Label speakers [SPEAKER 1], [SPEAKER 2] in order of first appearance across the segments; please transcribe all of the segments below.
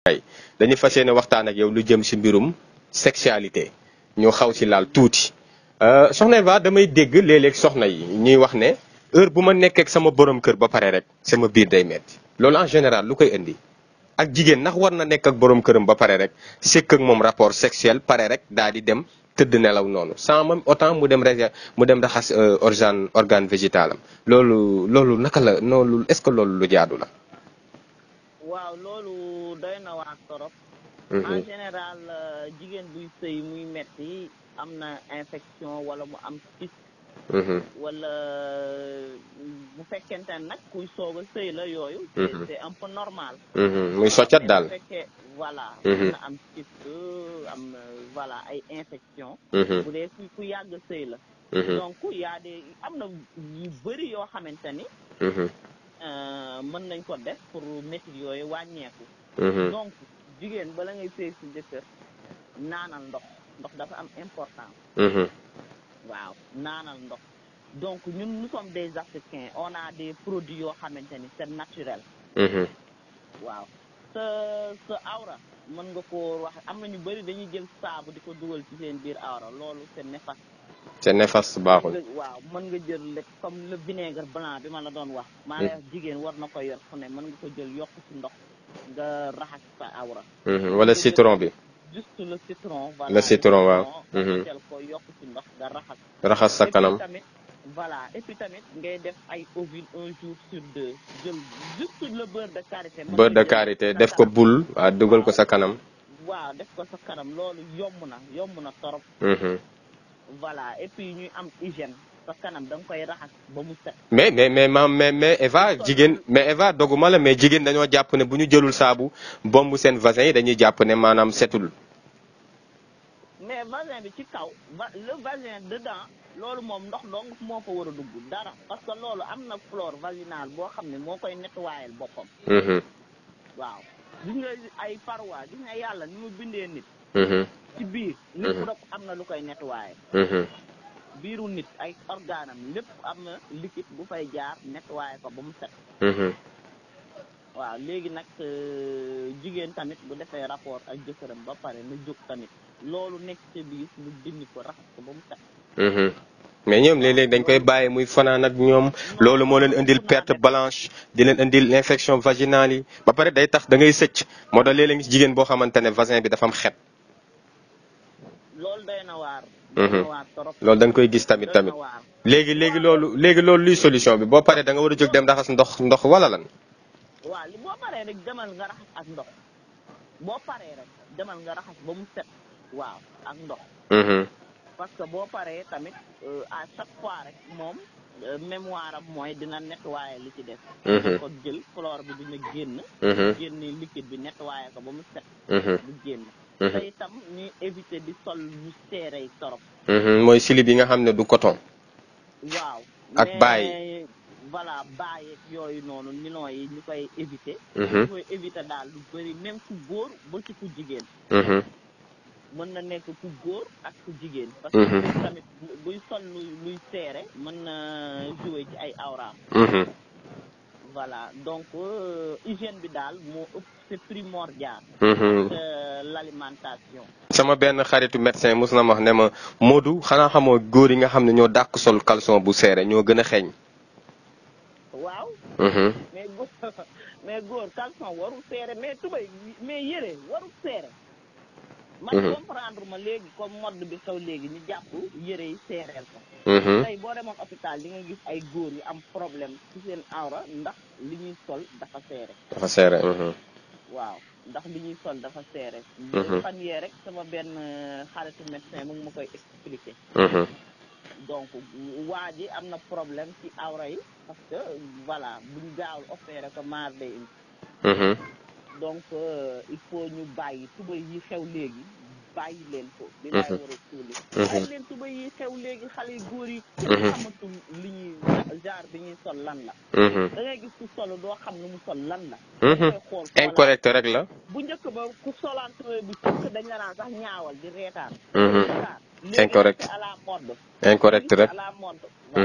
[SPEAKER 1] tey dañu fa yéene waxtaan ak yow lu jëm ci mbirum sexualité ñu xaw ci laal tuuti euh, soxna Eva damay dégg léeg soxna yi ñuy wax ne heure bu ma nekkee ak sama borom kër ba pare rek sama biir day metti loolu en général lu koy indi ak jigéen ndax war na nekk ak borom këram ba pare rek sëkk ak moom rapport sexuel pare rek daal di dem tëdd nelaw noonu sans même autant mu dem rek mu dem raxas euh, organe organe végétal am loolu loolu naka la noolu est-ce que loolu lu jaadu la. Mm-hmm. en
[SPEAKER 2] général euh, jigéen buy sëy muy metti am na infection wala mu am kyste mm-hmm. wala euh, bu fekkente ne nag kuy soog sëy la yooyu mm-hmm. c'est un peu normal muy soccat daal fekkee voilà na am euh, voilà ay infection bu yàgg sëy la donc am na yu bëri yoo xamante ni mën nañ ko def pour métit yooyu wàññeeku donc jigéen bala ngay sëy si jëkkër naanal ndox ndox dafa am important mm-hmm. waaw naanal ndox donc ñun nous sommes des africains on a des produits yoo xamante ni c'est naturel mm-hmm. waaw sa sa awra mën nga koo wax am na ñu bari dañuy jël saabu di ko dugal ci seen biir awra loolu c'est néfaste
[SPEAKER 1] c'est néfaste baaxul
[SPEAKER 2] waaw mën nga jël rek comme le vinaigre blanc bi ma la doon wax maa lay mm. wax jigéen war na ko yor fu ne mën nga ko jël yokk ci ndox nga raxas sa awra. Mhm, wala citron
[SPEAKER 1] bi. Mhm. raxas. sa kanam
[SPEAKER 2] tamit. voilà ay ovules de
[SPEAKER 1] karité. def ko bul waaw ah, dugal ko sa kanam. waaw def ko sa kanam loolu yomb na yomb na torop. Mhm.
[SPEAKER 2] voilà et ñuy am hygiène. sa kanam da koy raxas
[SPEAKER 1] mais mais mais mais mais Eva jigéen mais Eva doguma mais jigéen dañoo jàpp ne bu ñu jëlul saabu bomb seen vaccin yi dañuy jàpp ne maanaam setul.
[SPEAKER 2] mais vaccin bi ci kaw va le vaccin loolu moom ndox dong moo fa war a dugg dara parce que loolu am na flore vaginale boo xam ne moo koy nettoyel boppam. Mm-hmm. waaw gis nga ay parois gis nga yàlla ni mu bindee nit. Mm-hmm. ci biir. nit mm-hmm. ku am na lu koy nettoyé. biiru nit ay organam lépp am na liquide bu fay jaar nettoyé ko ba mu set mm-hmm. waaw léegi nag euh, jigéen tamit bu defee rapport ak jëkkëram ba pare na jóg tamit loolu nekk ci biir mu ko raxas ba mu set
[SPEAKER 1] mm-hmm. mais ñoom léeg-léeg dañ koy bàyyi muy fanaan ak ñoom loolu moo leen indil perte blanche di leen indil infection vaginale yi ba pare day tax dangay sëcc moo tax léeg jigéen boo xamante ne vagin bi dafam xet Mhm. loolu dañ koy gis tamit tamit léegi léegi loolu léegi loolu luy solution bi boo paree danga nga war a jóg dem raxas ndox ndox wala lan.
[SPEAKER 2] boo paree rek demal nga raxas ak ndox nga raxas ba mu set ndox. Mhm. parce que boo paree tamit euh, à chaque fois rek moom euh, mémoire am mooy dina nettoyer li ci mhm. jël flore bi dina liquide bi nettoyer ko ba mu set. du génn. te mm-hmm. itam ñuy éviter di sol ñu seere torop
[SPEAKER 1] mm-hmm. mooy silib yi nga xam ne du coton. waaw ak bàyyi
[SPEAKER 2] voilà bàyyi yooyu noonu nilon yi ñu koy éviter. Mm-hmm. ñu koy éviter daal lu bëri même ku góor ba ci ku jigéen. mën na nekk ku góor ak ku jigéen. parce buy sol luy seere mën na jouer ci ay awraam. voilà donc euh, hygiène bi daal moo ëpp primordial. Mm-hmm. Euh,
[SPEAKER 1] sama benn xaritu médecin mos na ma wax ne ma Modou xanaa xamoo góor yi nga xam ne ñoo dàq sol caleçon bu seere ñoo gën a xeeñ.
[SPEAKER 2] waaw. Mm-hmm. mais góor caleçon waru serré mais tubay mais yére waru serré. man mhm. comprendre ma léegi comme mode bi xew léegi ñu jàpp yére yi seereel ko mhm. tey boo demoon hôpital li nga gis ay góor yu am problème ci seen awra ndax li ñuy sol dafa seere
[SPEAKER 1] dafa seere mhm.
[SPEAKER 2] waaw ndax li ñuy sol dafa seere fan yee rek sama benn euh, xaritu médecin mu ngi ma koy expliquer donc waa ji am na problème ci awra yi parce que voilà buñ gaawul opéré ko maar day indi donc euh, il faut ñu bàyyi tuba yi xew léegi bàyyi leen ko li laay war a tuuli bàyyi xew léegi xale yu góor yi mhm. kenn xamatul li ñuy genre bi ñuy sol lan la mhm. da ngay gis ku solo doo xam lu mu sol lan la mhm. xool incorrect rek la bu njëkk ba ku solaan tuba bu cëkk dañ la naan sax ñaawal di reetaan
[SPEAKER 1] incorrect incorrect rek à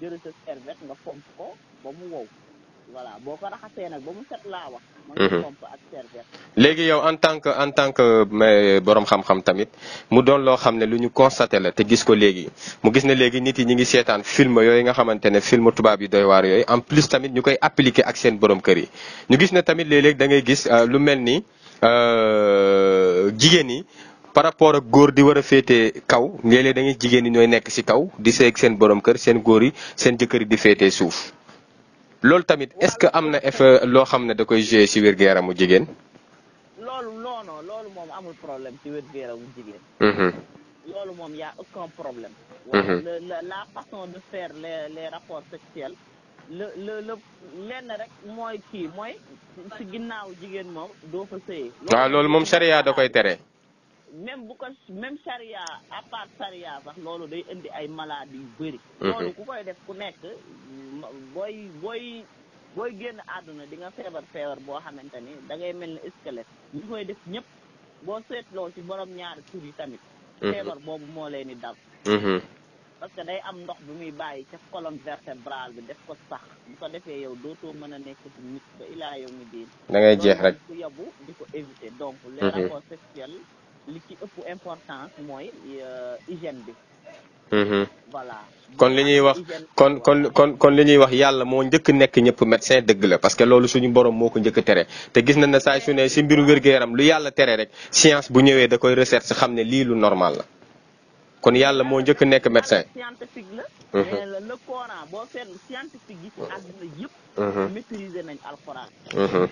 [SPEAKER 2] jëlee sa serviette nga pomp ko ba mu wow voilà boo ko raxasee nag ba mu set laa wax. nga mhm. pomp ak serviette.
[SPEAKER 1] léegi yow en tant que en tant que borom xam-xam tamit mu doon loo xam ne lu ñu constaté la te gis ko léegi mu gis ne léegi nit yi ñu ngi seetaan film yooyu nga xamante ne film tubaab yi doy waar yooyu en plus tamit ñu koy appliquer ak seen borom kër yi ñu gis ne tamit léeg-léeg da ngay gis euh, lu mel ni euh, jigéen yi par rapport ak góor di war a féetee kaw léeg-léeg da ngay jigéen ñi ñooy nekk ci kaw di seeg seen borom kër seen góor yi seen jëkkër yi di féetee suuf loolu tamit est-ce que am na effet loo xam ne da koy jouer ci wér-gu-yaramu jigéen. loolu
[SPEAKER 2] non non loolu moom amul problème ci wér-gu-yaramu jigéen.
[SPEAKER 1] Mm-hmm. loolu
[SPEAKER 2] moom y a aucun problème. Mm-hmm. la la façon de faire les les rapports sexuels. le le le lenn rek mooy kii mooy ci ginnaaw jigéen moom doo fa sëyee. waaw ah,
[SPEAKER 1] loolu moom charia da koy tere.
[SPEAKER 2] même bu ko même sharia à part sharia sax loolu day indi ay maladie yu bëri mhm. loolu ku koy def ku nekk booy booy booy génn àdduna di nga feebar feebar boo xamante ni da ngay mel ni squelette ñu koy def ñëpp boo seetloo ci borom ñaari tur yi tamit mhm. feebar boobu moo leen di dal mhm. parce que day am ndox bu muy bàyyi ca colonne vertébrale bi def ko sax bu ko defee yow dootoo mën a nekk ci nit ba ilaa yow mi diin da ngay jeex rek ku yabu di ko éviter donc les rapports sexuels li ci ëpp importance euh, bi.
[SPEAKER 1] Mhm. voilà kon li wax kon kon kon kon médecin parce que suñu borom te gis nañ mbiru lu rek science bu da koy recherche lu normal la kon médecin.
[SPEAKER 2] scientifique mhm. le Coran boo scientifique mhm. que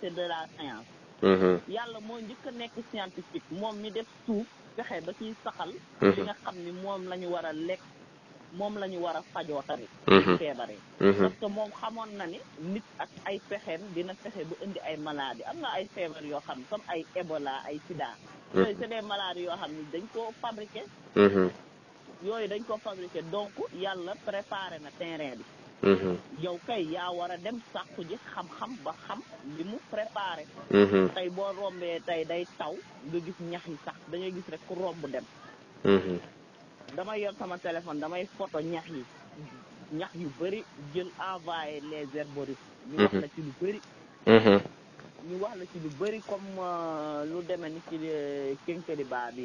[SPEAKER 2] c'est de la science. Mm-hmm. yàlla moo njëkk a nekk scientifique moom mi def suuf fexe ba ciy saxal mm-hmm. li nga xam ni moom la ñu war a lekk moom la ñu war a fajoo tamit mm-hmm. feebaree moom xamoon na ni nit ak ay pexeem dina fexe ba indi ay maladie am na ay feebar yoo xam ne comme ay Ebola ay sida yooyu c'est yoo xam ni dañ koo fabriqué yooyu dañ ko fabriqué donc yàlla préparé na terrain bi Mm-hmm. yow kay yaa war a dem sàkku ji xam-xam ba xam li mu préparé mm-hmm. tey boo rombee tey day taw nga gis ñax yi sax dañuy gis rek ku romb dem mm-hmm. damay yor sama téléphone damay photo ñax yi ñax yu bëri jël envoyé les herboristes ñu wax lu bëri ñu wax la ci lu bëri comme euh, lu deme ni ci euh, kénkeliba bi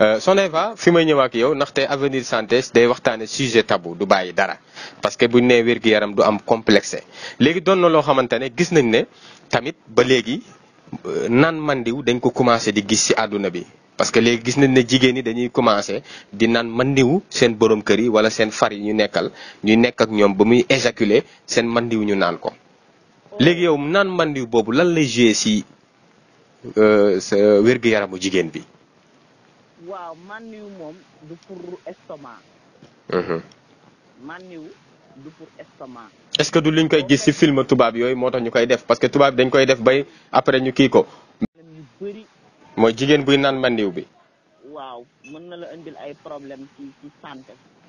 [SPEAKER 1] Euh, Soneva fi may ñëwaak ak yow ndaxte avenir santé day waxtaane sujet tabou du bàyyi dara parce que bu ñu nee wér yaram du am complexe léegi doon na loo xamante ne gis nañ ne tamit ba léegi euh, naan mandiw dañ ko commencé di gis ci àdduna bi parce que léegi gis nañ ne jigéen ñi dañuy commencé di naan mandiw seen borom kër yi wala seen far yi ñu nekkal ñuy nekk ak ñoom ba muy éjaculer seen mandiw ñu naan ko léegi yow naan mandiw boobu lan lay joué ci euh, sa wér yaramu jigéen bi
[SPEAKER 2] waaw manniw moom du pour estomac. Mhm. manniw du pour
[SPEAKER 1] estomac. est-ce que du liñ koy gis ci film tubaab yooyu moo tax ñu koy def parce que tubaab dañ koy def bay après ñu kii ko. yu mooy jigéen buy naan manniw bi.
[SPEAKER 2] waaw mën na la indil ay problème ci ci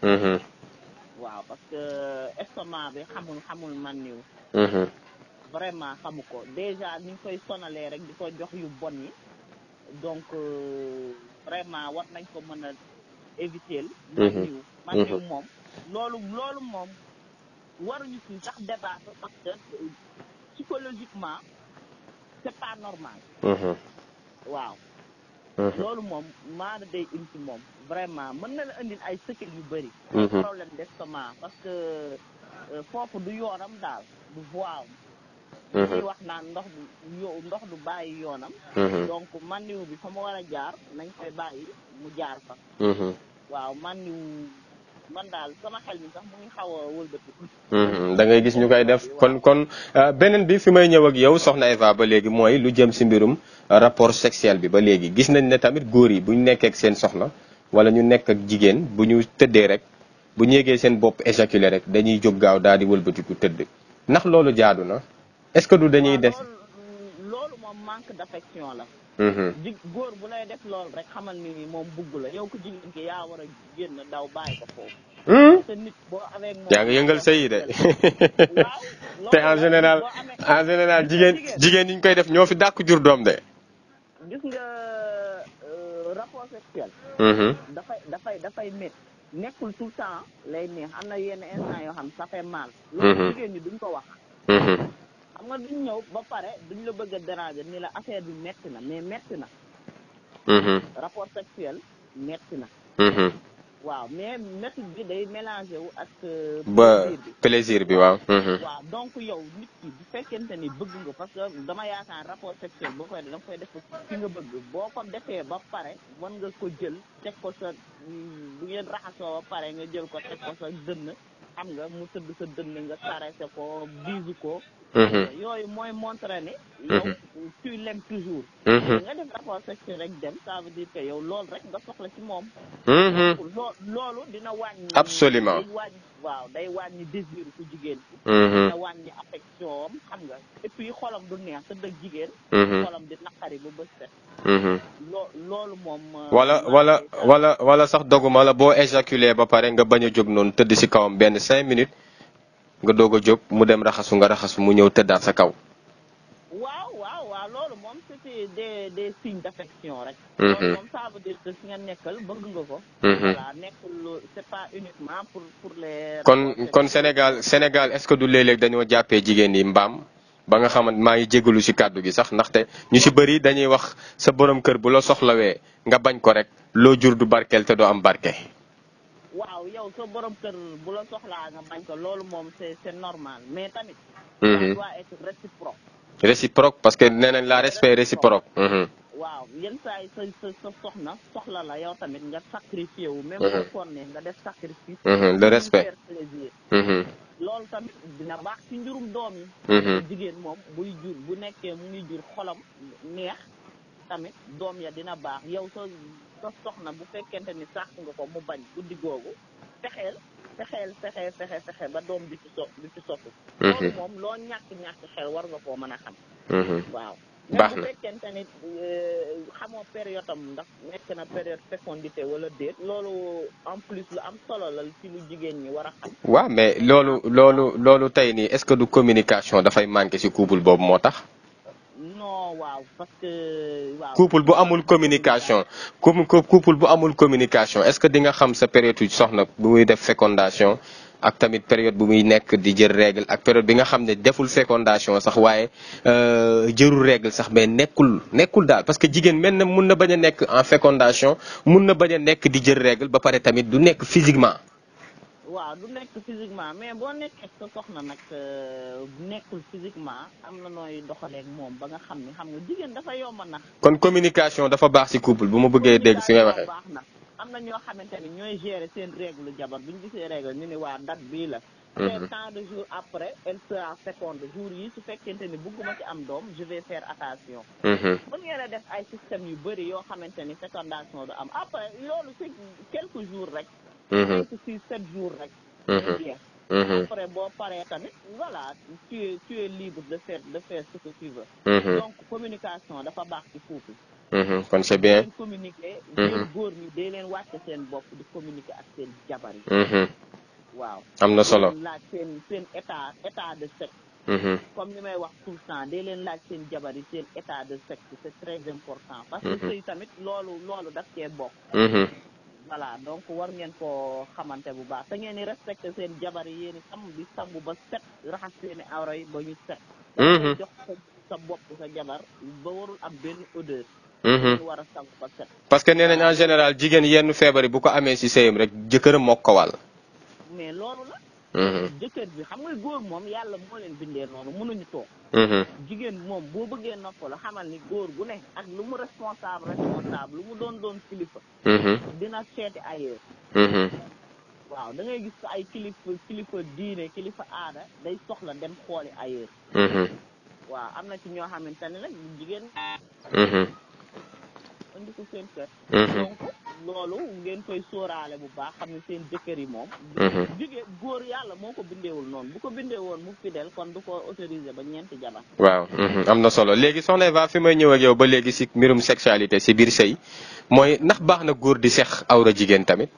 [SPEAKER 2] mhm. waaw parce que estomac bi xamul xamul manniw. Mhm. vraiment xamu ko déjà ni ñu koy sonalee rek di ko jox yu bon yi. donc euh, vraiment war nañ ko mën a éviter. Mhm. man niw man niw moom loolu loolu moom waruñu si sax débattre parce que psychologiquement c'est pas normal mhm. waaw mhm. loolu moom maa maana day indi moom vraiment mën na la indil ay sëkkil yu bëri problème d'estomac parce que euh, foofu du yoonam daal du voie di mm-hmm. wax naan ndox du ndox du bàyyi yoonam donc mandiw bi fa mu war jaar nañ koy bàyyi mu mm-hmm. jaar fa waaw man daal sama xel mi sax mu ngi xaw a wëlbatiku
[SPEAKER 1] mm-hmm. da ngay gis ñu koy def kon kon euh, beneen bi fi may ñëw ak yow soxna Eva ba léegi mooy lu jëm si mbirum euh, rapport sexuel bi ba léegi gis nañ ne tamit góor yi bu ñu nekkee ak seen soxna wala ñu nekk ak jigéen bu ñu tëddee rek bu ñu seen bopp éjaculé rek dañuy jóg gaaw daal di wëlbatiku tëdd ndax loolu jaadu na est-ce que du dañuy des. Mm,
[SPEAKER 2] loolu moom manque
[SPEAKER 1] d'affection la. Mm-hmm. góor bu lay def loolu rek xamal ni moom bugg la yow
[SPEAKER 2] ko jigéen ki yaa war a génn daw bàyyi ko foofu. Hmm?
[SPEAKER 1] yaa ngi yëngal sa de. te en général en général jigéen jigéen ñu koy def ñoo fi dàkk jur doom de. gis nga
[SPEAKER 2] euh, rapport mm-hmm. dafay dafay dafay nekkul tout temps lay neex am na yenn instant yoo xam ça fait mal. Mm-hmm. loolu xam nga duñ ñëw ba pare duñ la bëgg a déranger ni la affaire bi metti na mais metti na. Mm-hmm. rapport sexuel metti na. Mm-hmm. waaw mais métti bi day mélangé wu ak. Euh, ba
[SPEAKER 1] plaisir bi waaw. Mm-hmm.
[SPEAKER 2] waaw donc yow nit ki bu fekkente ni bëgg nga parce que dama yaakaar rapport sexuel boo koy def da koy def ki nga bëgg boo ko defee ba pare mën nga ko jël teg ko sa bu ngeen raxasoo ba pare nga jël ko teg ko sa dënn xam nga mu sëdd sa dënn nga caressé ko biisu ko. Mm-hmm. yooyu mooy montre ne. yow mm-hmm. tu l'aimes toujours. Mm-hmm. nga def rapport sexuel rek dem ça veut dire que
[SPEAKER 1] yow loolu rek nga soxla ci moom. loo loolu dina wàññi. absolument day wàññi waaw day wàññi
[SPEAKER 2] désir ku jigéen bi. dina wàññi affection am xam nga et puis xolam du neex sa dëgg jigéen. xolam di naqari bu bës set. loo loolu moom. Euh, wala wala
[SPEAKER 1] wala wala sax doguma la boo éjaculé ba pare nga bañ a jóg noonu tëdd ci kawam benn cinq minutes. nga dogo job mu dem raxasu nga raxasu mu ñew tëddaat sa kaw waaw waaw waaw loolu moom c'était des des signes d'affection rek loolu ça veut dire que
[SPEAKER 2] nga nekkal bëgg nga ko
[SPEAKER 1] voilà nekkul c'est pas uniquement pour pour les kon kon Sénégal Sénégal est-ce que du léeg-léeg dañoo jàppee jigéen yi mbam ba nga xamant ma ngi jégalu ci cadeau gi sax ndaxte ñu ci bëri dañuy wax sa borom kër bu la soxlawé nga bañ ko rek lo jur du barkel te do am barké
[SPEAKER 2] waaw yow sa borom kër bu la soxlaa nga bañ ko loolu moom c'est normal mais tamit. Mhm. ça réciproque.
[SPEAKER 1] réciproque parce que nee nañ la respect réciproque. Mhm.
[SPEAKER 2] waaw yenn saa yi soxla la yow tamit nga sacrifié wu. même mhm. bu sonnee nga def sacrifice. le respect plaisir. loolu tamit dina baax ci njurum doom yi. jigéen moom buy jur bu nekkee mu ngi jur xolam neex. tamit doom ya dina baax yow so do soxna bu fekkente ni sàkk nga ko mu bañ guddi googu fexeel fexeel fexe fexe fexe ba doom bi ci so bi ci soppi mhm. loolu moom loo ñàkk ñàkk xel war nga koo mën a xam mhm. waaw baax na fekkente ni euh, xamoo période am ndax nekk na période fécondité wala déet loolu en plus lu am solo la ci lu jigéen ñi war a xam
[SPEAKER 1] waaw mais loolu loolu loolu tey nii est ce que du communication dafay manqué si couple boobu moo tax waaw parce que waaw. couple bu amul communication couple bu amul communication est-ce que di nga xam sa période soxna bu muy def fécondation ak tamit période bu muy nek di jël règle ak période bi nga xam ne deful fécondation sax euh jërul règle sax mais nekul nekul dal parce que jigen melna mën na bañ nek en fécondation mën na bañ nek di jël règle ba paré tamit du nek physiquement waaw du nekk
[SPEAKER 2] physiquement mais boo nekkee sa soxna nag euh, nekkul physiquement am na nooy doxaleeg moom ba nga xam ni xam nga jigéen dafa yomb nax
[SPEAKER 1] kon communication dafa baax ci couple bu ma bëggee dégg si nga waxee baax na
[SPEAKER 2] am na ñoo xamante ni ñooy gérer seen règle jabar bu ñu gisee règle ñu ni waa date bii la mais mhm. temps de jour après elle sera seconde jour yi su fekkente ni bugguma ci am doom je vais faire attention bu mhm. ngeen a def ay système yu bëri yoo xamante ni fécondation du am après loolu si quelques jours rek nekk mm-hmm. si sept jours rek mm-hmm. bien mm-hmm. après boo paree tamit voilà tu es tu es libre de faire de faire ce que tu veux donc communication dafa baax ci foofu
[SPEAKER 1] kon c'est bien communiquer yéen
[SPEAKER 2] góor ñi day leen wàcce seen bopp di communiquer ak seen jabar yi waaw am na solo laaj seen seen état état de sexe comme ni may wax tout le temps day leen laaj seen jabar yi seen état de sexe c'est très important parce que sëy tamit loolu loolu daf cee bokk voilà donc war ngeen koo xamante bu baax te ngeen di respecté seen jabar yi yéen itam di sangu ba set raxas seeni awra yi ba ñu set. Mhm. jox ko sa bopp sa jabar ba warul am benn odeur. Mhm. war a sangu ba set.
[SPEAKER 1] parce que nee nañ en général jigéen yenn feebar bu ko amee si sëyam rek jëkkëram moo ko wàll. mais loolu Mm-hmm.
[SPEAKER 2] jëkkër bi xam ngay góor moom yàlla moo leen bindee noonu mënuñu toog mm-hmm. jigéen moom boo bëggee noppalu xamal ni góor gu ne ak lu mu responsable responsable lu mu doon doon kilifa mm-hmm. dina seeti ailleurs waaw dangay gis ko ay kilifa kilifa diine kilifa aada day soxla dem xooli ailleurs waaw am na ci ñoo xamante ne nag jigéen indi ko seen kër loolu ngeen koy sóoraale bu baax xam ne seen jëkkër yi moom mhm. jigéen góor yàlla moo ko bindeewul noonu bu ko bindee woon mu fidèle kon du ko autorisé ba ñeenti jabar
[SPEAKER 1] waaw mhm, am na solo léegi soxna Eva fi may ñëw ak ba léegi si mbirum sexualité si biir sëy mooy ndax baax na góor di sex awra jigéen tamit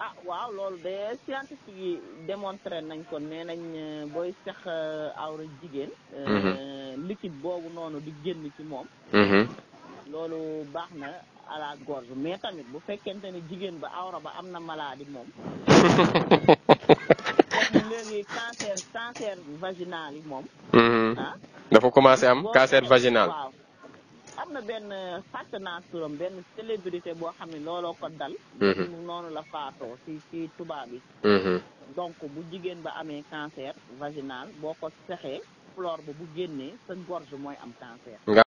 [SPEAKER 2] ah waaw loolu de scientifique yi démontré nañ ko nee nañ euh, booy sex euh, awra jigéen mhm. euh, liquide boobu noonu di génn ci moom loolu baax na à la gorge mais tamit bu fekkente ni jigéen ba awra ba am maladie moom. cancer cancer vaginal yi moom. Mm-hmm. ah.
[SPEAKER 1] dafa commencé am cancer vaginal.
[SPEAKER 2] am na benn fàtte naa turam benn célébrité boo xam ne looloo ko dal. Mm-hmm. noonu la faatoo ci ci tubaab yi. Mm-hmm. donc bu jigéen ba amee cancer vaginal boo ko sexee flore ba bu génnee sa gorge mooy am cancer.